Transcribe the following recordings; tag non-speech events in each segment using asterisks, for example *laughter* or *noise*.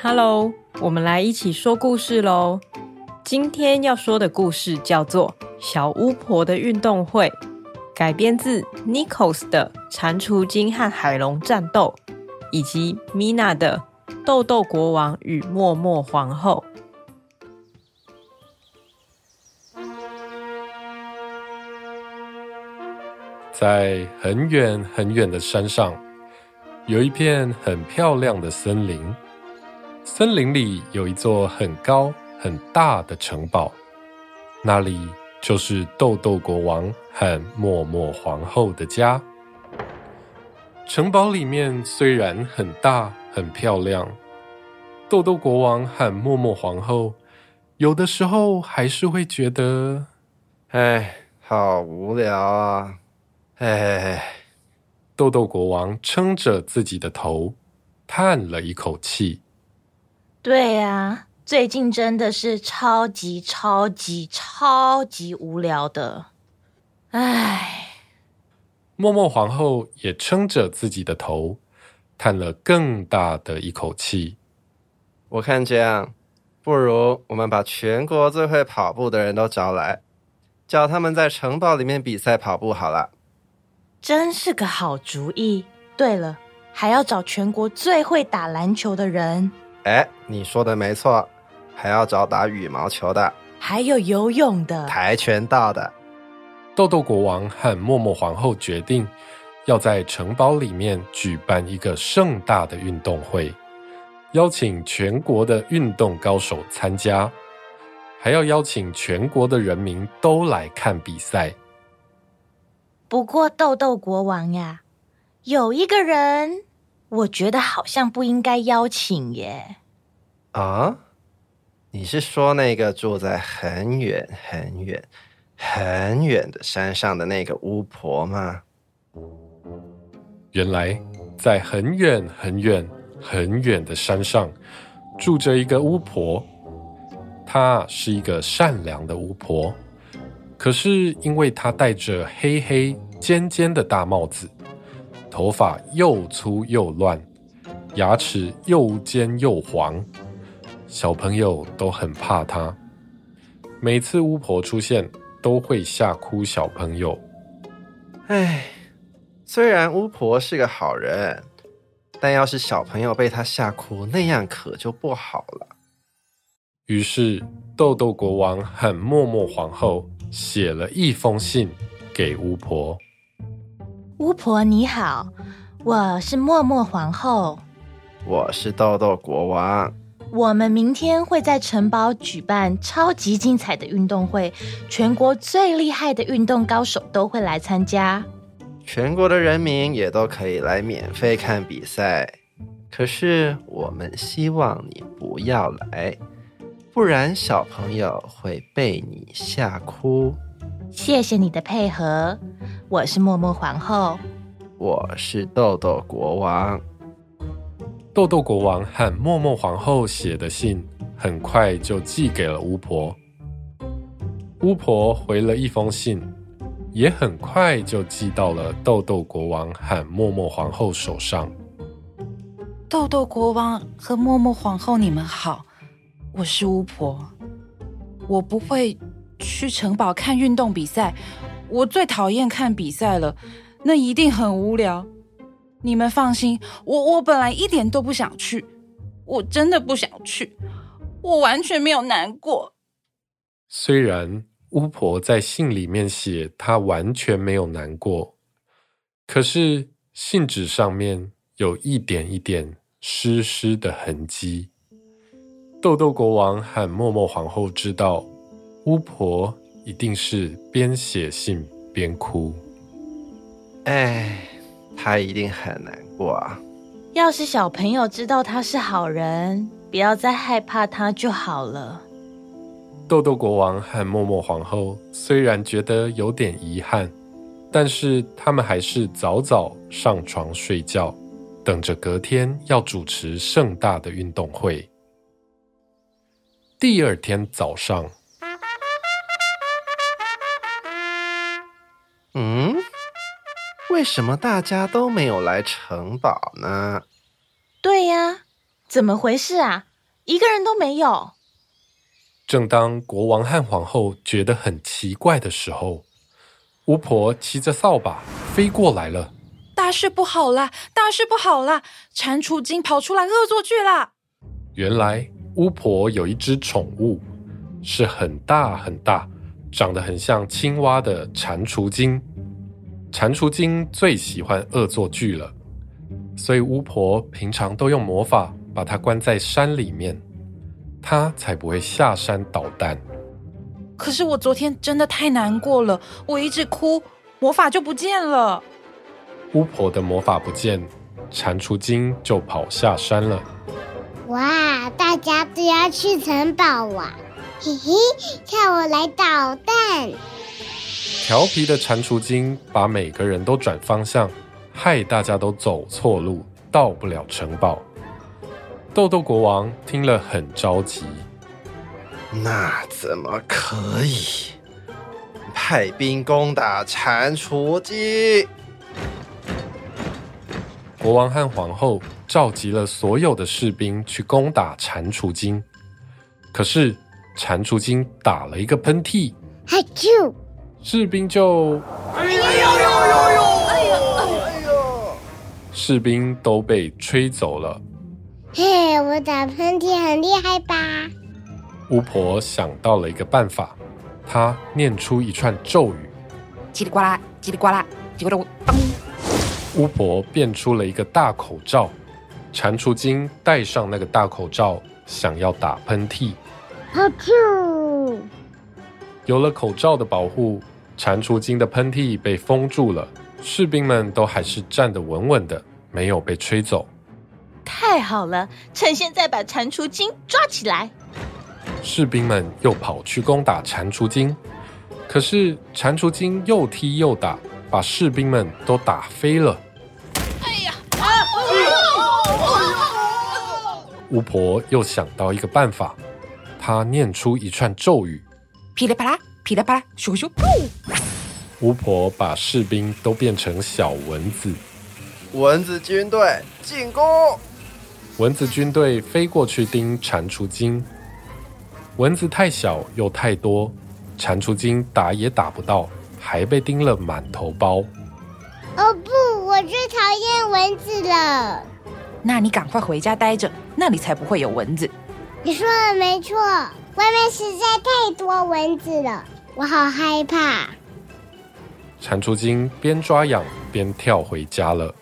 Hello，我們來一起說故事嘍。今天要說的故事叫做《小巫婆的運動會》，改編自 Nikos 的《蟾蜍精和海龍戰鬥》，以及 Mina 的《豆豆國王與默默皇後》。在很遠很遠的山上，有一片很漂亮的森林。森林裡有一座很高很大的城堡，那裡就是豆豆國王和默默皇後的家。城堡裡面雖然很大很漂亮，豆豆國王和默默皇後有的時候還是會覺得，哎，好無聊啊！哎嘿嘿嘿，豆豆國王撐着自己的頭，嘆了一口氣。對呀、啊，最近真的是超級超級超級無聊的，唉。默默皇後也撐着自己的頭，嘆了更大的一口氣。我看這樣，不如我們把全國最會跑步的人都找來，叫他們在城堡裡面比賽跑步好了。真是個好主意。對了，還要找全國最會打籃球的人。哎、欸，你說的沒錯，還要找打羽毛球的，還有游泳的、跆拳道的。豆豆國王和默默皇后決定要在城堡裡面舉辦一個盛大的運動會，邀請全國的運動高手參加，還要邀請全國的人民都來看比賽。不過，豆豆國王呀，有一個人，我覺得好像不應該邀請耶。啊？你是說那個住在很遠、很遠很遠很遠的山上的那個巫婆嗎？原來，在很遠、很遠很遠很遠的山上住着一個巫婆，她是一個善良的巫婆，可是因為她戴着黑黑尖尖的大帽子。頭髮又粗又亂，牙齒又尖又黃，小朋友都很怕他。每次巫婆出現，都會嚇哭小朋友。唉，雖然巫婆是個好人，但要是小朋友被他嚇哭，那樣可就不好了。於是，豆豆國王和默默皇后寫了一封信給巫婆。巫婆，你好，我是默默皇後。我是豆豆國王。我們明天會在城堡舉辦超級精彩的運動會，全國最厲害的運動高手都會來參加，全國的人民也都可以來免費看比賽。可是我們希望你不要來，不然小朋友會被你嚇哭。謝謝你的配合，我是默默皇後，我是豆豆國王。豆豆國王和默默皇后寫的信很快就寄給了巫婆，巫婆回了一封信，也很快就寄到了豆豆國王和默默皇后手上。豆豆國王和默默皇後，你們好，我是巫婆，我不會，去城堡看運動比賽，我最討厭看比賽了，那一定很無聊。你們放心，我我本來一點都不想去，我真的不想去，我完全沒有難過。雖然巫婆在信裡面寫她完全沒有難過，可是信紙上面有一點一點濕濕的痕跡。豆豆國王和默默皇后知道。巫婆一定是邊寫信邊哭，哎，她一定很難過啊！要是小朋友知道她是好人，不要再害怕她就好了。豆豆國王和默默皇后雖然覺得有點遺憾，但是他們還是早早上床睡覺，等着隔天要主持盛大的運動會。第二天早上。為什麼大家都沒有來城堡呢？對呀，怎麼回事啊？一個人都沒有。正當國王和皇后覺得很奇怪的時候，巫婆騎着掃把飛過來了。大事不好了！大事不好了！蟾蜍精跑出來惡作劇了。原來巫婆有一隻寵物，是很大很大、長得很像青蛙的蟾蜍精。蟾蜍精最喜歡惡作劇了，所以巫婆平常都用魔法把它關在山裡面，它才不會下山搗蛋。可是我昨天真的太難過了，我一直哭，魔法就不見了。巫婆的魔法不見，蟾蜍精就跑下山了。哇，大家都要去城堡啊！嘿嘿，看我來搗蛋。調皮的蟾蜍精把每個人都轉方向，害大家都走錯路，到不了城堡。豆豆國王，聽了很着急，那怎麼可以？派兵攻打蟾蜍精！國王和皇后召集了所有的士兵去攻打蟾蜍精，可是蟾蜍精打了一個噴嚏，哈啾！士兵就，哎呦呦呦呦，哎呦，哎呦，哎呦，哎呦，士兵都被吹走了。嘿，我打噴嚏很厲害吧？巫婆想到了一個辦法，她念出一串咒語，嘰里呱啦，嘰里呱啦，嘰里呱啦，當！巫婆變出了一個大口罩，蟾蜍精戴上那個大口罩，想要打噴嚏，好臭！有了口罩的保護，蟾蜍精的噴嚏被封住了。士兵們都還是站得穩穩的，沒有被吹走。太好了，趁現在把蟾蜍精抓起來！士兵們又跑去攻打蟾蜍精，可是蟾蜍精又踢又打，把士兵們都打飛了。哎呀！啊，啊啊啊啊啊。巫婆又想到一個辦法，她念出一串咒語。噼里啪啦，噼里啪啦，咻咻！巫婆把士兵都變成小蚊子，蚊子軍隊進攻。蚊子軍隊飛過去叮蟾蜍精，蚊子太小又太多，蟾蜍精打也打不到，還被叮了滿頭包。哦不，我最討厭蚊子了。那你趕快回家待着，那裡才不會有蚊子。你說的沒錯。外面實在太多蚊子了，我好害怕。蟾蜍精邊抓癢邊跳回家了。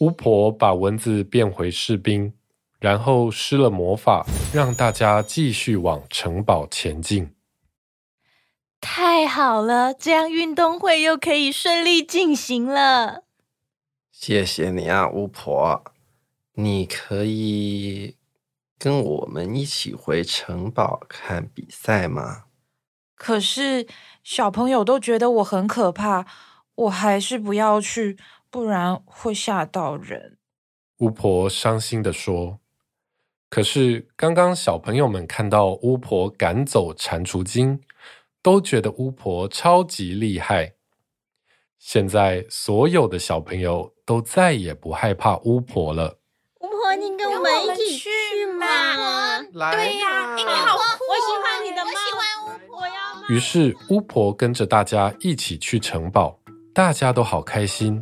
巫婆把蚊子變回士兵，然後施了魔法，讓大家繼續往城堡前進。太好了，這樣運動會又可以順利進行了。謝謝你啊，巫婆。你可以。跟我們一起回城堡看比賽嗎？可是小朋友都覺得我很可怕，我還是不要去，不然會嚇到人。巫婆傷心地說：“可是剛剛小朋友們看到巫婆趕走蟾蜍精，都覺得巫婆超級厲害。現在所有的小朋友都再也不害怕巫婆了。”巫婆，你。來對呀、啊，欸，你好酷，啊，我喜歡你的，我喜歡巫婆呀。於是巫婆跟着大家一起去城堡，大家都好開心，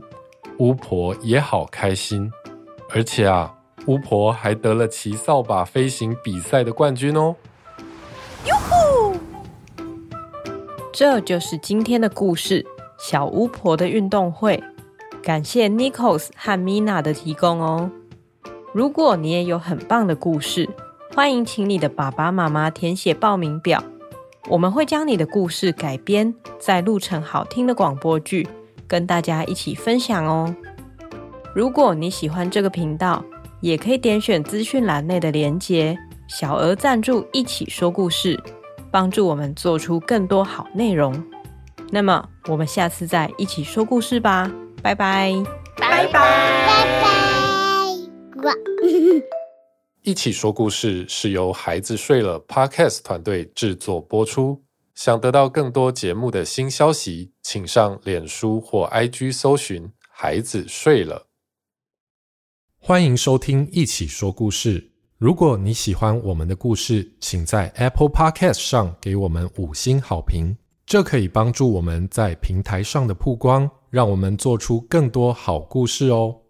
巫婆也好開心，而且啊，巫婆還得了騎掃把飛行比賽的冠軍哦。喲呼！這就是今天的故事，小巫婆的運動會。感謝 Nikos 和 Mina 的提供哦。如果你也有很棒的故事。歡迎請你的爸爸媽媽填寫報名表，我們會將你的故事改編，再錄成好聽的廣播劇，跟大家一起分享哦。如果你喜歡這個頻道，也可以點選資訊欄內的連結，小額贊助一起說故事，幫助我們做出更多好內容。那麼，我們下次再一起說故事吧，拜拜，拜拜，拜拜，哇 *laughs* 一起說故事是由孩子睡了 Podcast 團隊制作播出。想得到更多節目的新消息，請上臉書或 IG 搜尋“孩子睡了”。歡迎收聽一起說故事。如果你喜歡我們的故事，請在 Apple Podcast 上給我們五星好評。這可以幫助我們在平台上的曝光，讓我們做出更多好故事哦。